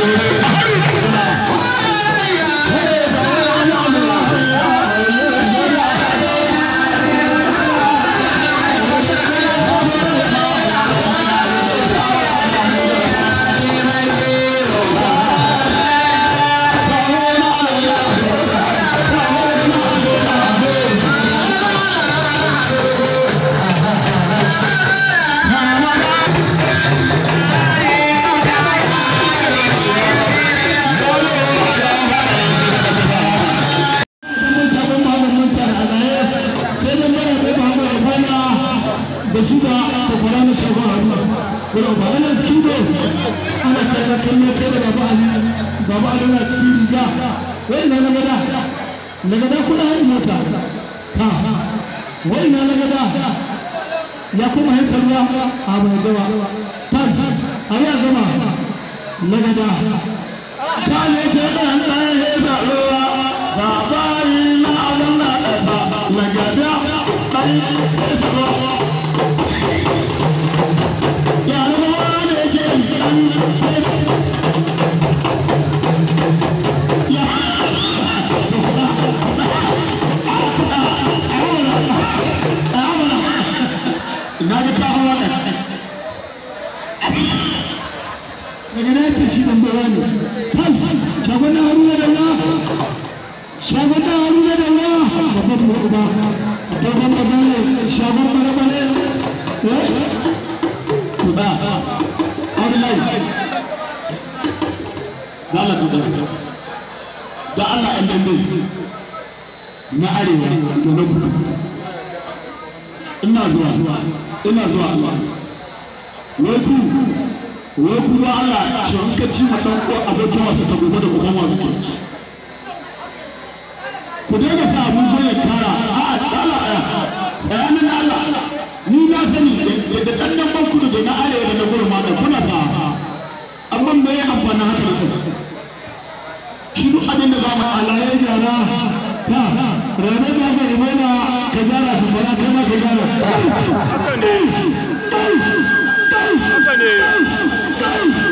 Thank you. lagada kuna haɗin mota ha wani na lagada ya kuma yin sarwa a bai gaba tas a ya gama lagada ta ne ta da hannayen ya zaɓewa zaɓari na abin na ɗasa lagada ɗan ya da wani shagon na haruna da wa shagon na haruna da wa babban mu uba babban baba ne shagon bara bare eh? ku ba abdullahi da Allah tuba da Allah an dambe na arewa da na kudu ina zuwa ina zuwa wai ku wai kuma Allah shi in ka ci masa ko abokin wasa ta gobe da kuma wasa ku daina sa abun ya kara a'a Allah tsayanin Allah ni na sani da dan nan banku da na arewa da na gurma da kuna sa amma me ya amfana haka shi duk abin da za mu alaye jara ta Rana ta ga imana ka gyara su fara kai ma ka gyara haka ne haka ne Go!